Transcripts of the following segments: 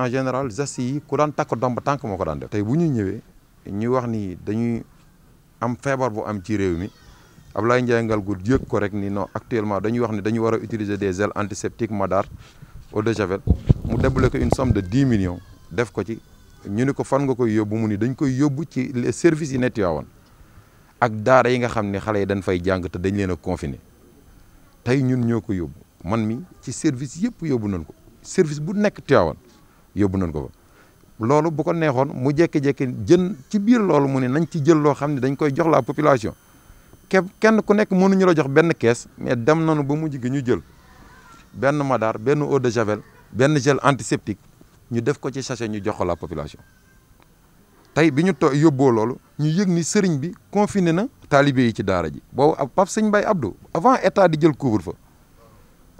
en général gestes yi ku daan takk domb tànk moo ko daan def. tay buñu ñëwé ñëwee ñu wax ni dañuy am fièvre bu am ci réew mi Ablaye Ndiaye Ngalgou yëg ko rek ni non actuellement dañuy wax ni dañuy wara utiliser des gels antiseptiques Madar eau de javel mu débloqué une somme de 10 millions def ko ci ñu ni ko fan nga koy yobbu mu ni dañ koy yobbu ci les services yi nekk Tivaouane ak daara yi nga xamni xalé yi dañ fay jang te dañ leena confiner tay ñun ñoko yobbu man mi ci service yépp yobbu nañ ko service bu nekk Tivaouane yóbbu nañ ko fa loolu bu ko neexoon mu jékki-jékki jën ci biir loolu mu ne nañ ci jël loo xam ne dañ koy jox la population képp kenn ku nekk mënuñu la jox benn kees mais dem nañu ba mu gi ñu jël benn madar benn eau de javel benn gel antiseptique ñu def ko ci chache ñu jox ko la population tey bi ñu to yóbboo loolu ñu yëg ni sëriñ bi confiné na taalibe yi ci daara ji boobu ab Pape Sëñ Mbaye Abdou avant état di jël couvre-feu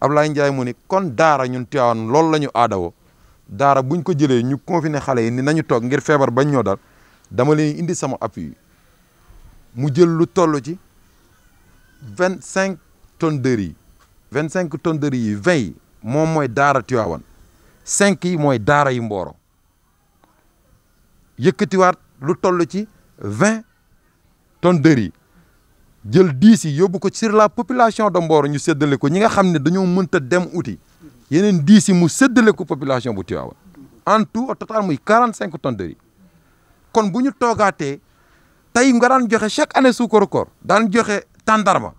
Ablaye Ndiaye mu ni kon daara ñun Tivaouane loolu la ñu aadawoo daara buñ ko jëlee ñu confiné xale yi ni nañu toog ngir feebar bañ ñoo dal dama leen indi sama appui mu jël lu toll ci vingt cinq tonnes de riz vingt cinq tonnes de yi vingt yi moom mooy daara Tivaouane cinq yi mooy daara yu Mboro yëkkatiwaat lu toll ci vingt tonnes de riz jël dix yi yóbbu ko sur la population de Mboro ñu séddale ko ñi nga xam ne dañoo mënta dem uti yenen 10 mu seddelé ko population bu tiwa en tout total muy 45 tonnes de riz kon buñu togaté tay nga dan joxé chaque année sous corps dan joxé tandarma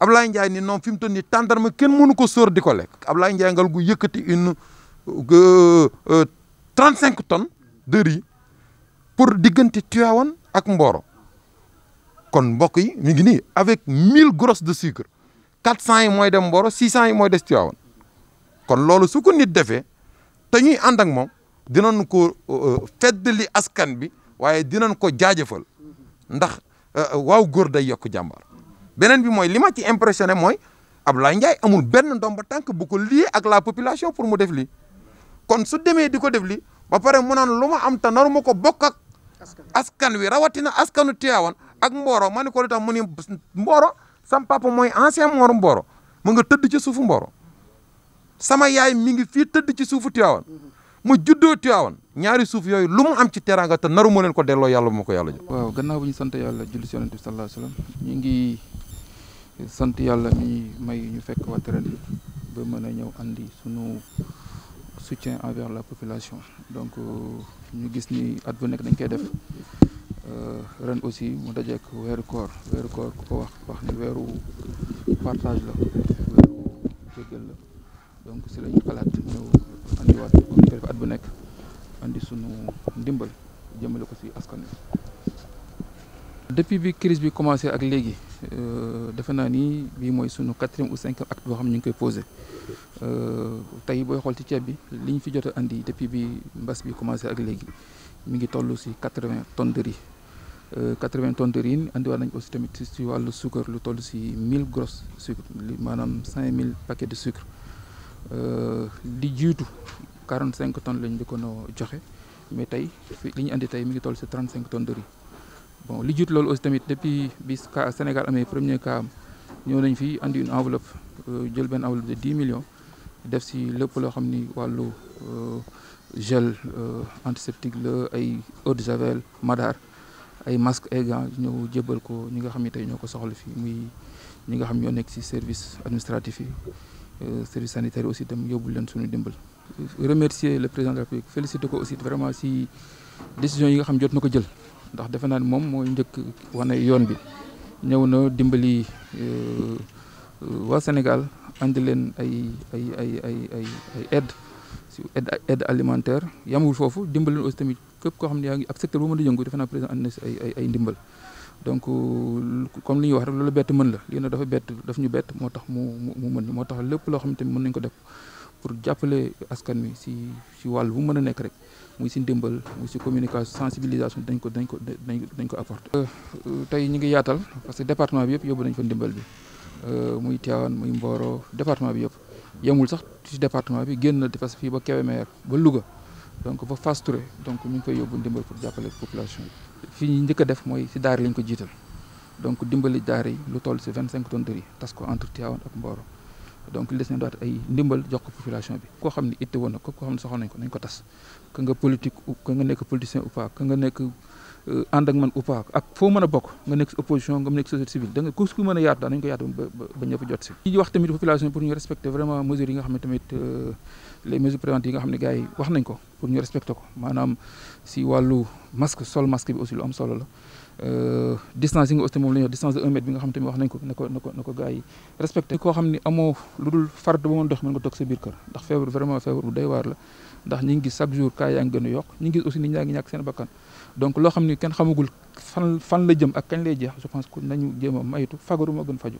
ablay ndjay ni non fim tonni tandarma ken munu ko sor diko lek ablay ndjay ngal gu yëkëti une euh, euh, 35 tonnes de riz pour digënté tiwaone ak mboro kon mbok yi ñu ngi ni avec 1000 grosses de sucre 400 moy dem mboro 600 moy dess tiwaone kon loolu su ko nit defee te ñuy ànd ak moom dinañ ko euh, feddali askan bi waaye dinañ ko jaajëfal ndax euh, euh, waaw góor day yokk jàmbaar beneen bi mooy li ma ci impressionné mooy Abdoulaye Ndiaye amul benn ndomba tànk bu ko lié ak la population pour mu def lii kon su demee di ko def lii ba pare mu naan lu ma am te ko bokk ak askan wi rawatina askanu Tivaouane ak Mboro ma ne ko li tax mu ni Mboro sam papa mooy ancien Mboro Mboro mu nga tëdd ci suufu Mboro sama yaay mi ngi fii tëdd ci suufu Tiwaawan ma juddoo Tiwaawan ñaari suuf yooyu lu mu am ci teraanga te naru ma leen ko delloo yàlla ma ko yàlla jox. waaw gannaaw bu ñu sant yàlla julli si yonent bi sallallahu alayhi ñu ngi sant yàlla mi may ñu fekk waat ren ba mën a ñëw andi sunu soutien envers la population donc ñu gis ni at bu nekk dañ koy def. Euh, ren aussi mu dajeek weeru koor weeru koor ku ko wax wax ni weeru partage la donc si la ñu xalaat ñëw andiwaat comme ko def at bu nek andi sunu ndimbal jëmale ko si askan depuis bi crise bi commencé ak légui euh defé na ni bii mooy sunu quatrième ou 5 cinquième acte bo xam ñu ngi koy euh tay boy xol ci ceeb bi liñ fi jot andi depuis bi mbass bi commencé ak légui mi ngi tollu ci 80 tonnes de riz. euh 80 tonnes de riz andi andiwaat nañ aussi tamit ci walu sucre lu tollu ci 1000 grosses sucre li manam 5000 paquets de sucre li jiitu cinq tonnes lañ njëkkoon a joxe mais tey fi li ñu andi tey mi ngi toll si 35 tonnes de riz bon li jiitu loolu aussi tamit depuis bi cas Sénégal amee premier cas ñëw nañ fi andi une enveloppe euh, jël benn enveloppe de 10 millions def si lépp loo xam ni wàllu euh, gel euh, antiseptique la ay eau de javel madar ay masques ay gants ñëw jébbal ko ñi nga xam ne ñoo ko soxla fii muy ñi nga xam ñoo nekk si service administratif yi. Euh, service sanitaire aussi itam yóbbu leen suñu dimbal remercier le président de la République féliciter ko aussi vraiment si décision yi nga xam jot nako ko jël ndax defe naa ne moom mooy njëkk wane yoon bi ñëw na dimbali euh, euh, wa Sénégal andi len ay ay ay ay ay ay aide si aide aide alimentaire yamul fofu dimbali aussi tamit képp ko xam ne ngi ak secteur bu mën a yëngu defe naa président andi ay ay ay ndimbal donc euh, comme li ñuy wax rek loolu bett mën la lii nag dafa bett daf ñu bett moo tax mu mu mën moo tax lépp loo xamante ni mën nañu ko def pour jàppale askan wi si si wàll bu mën a nekk rek muy si ndimbal muy si communication sensibilisation dañ ko dañ ko dañ ko apporter. Euh, tey ñu ngi yaatal parce que département bi yëpp yóbbu nañ fa ndimbal bi euh, muy Tivaouane muy Mboro département bi yëpp yemul sax ci département bi génn na fii ba Kébémer ba Louga donc ba Fass Touré donc ñu ngi koy yóbbu ndimbal pour jàppale population bi. fi ñu njëkk def mooy si daara lañ ko jiital donc dimbali daar yi lu toll si vingt cinq tonnes de riz tas ko entre Tivaouane ak Mboro donc li des nañ doot ay ndimbal jox ko population bi koo xam ne itte woon na ko koo xam ne soxla nañ ko nañ ko tas que nga politique ou nga nekk politicien ou pas nga nekk Euh, ànd man ou ak foo mën a bokk nga nekk opposition nga nekk société civile da nga ku ku mën a yaatu daal ko yaatu ba ba ñëpp jot si. di wax tamit population pour ñu respecter vraiment mesures yi nga xam ne tamit euh, les mesures préventives yi nga xam ne gars wax nañ ko pour ñu respecter ko maanaam si wàllu masque sol masque bi aussi lu am solo la. Euh, distance de un bi nga xam tamit wax nañ ko na ko na ko xam ni amoo lu dul fard ba mën dox mën donc loo xam ni kenn xamagul fan fan la jëm ak kañ lay jeex je pense que nañu jéem a maytu fagaru moo gën fajo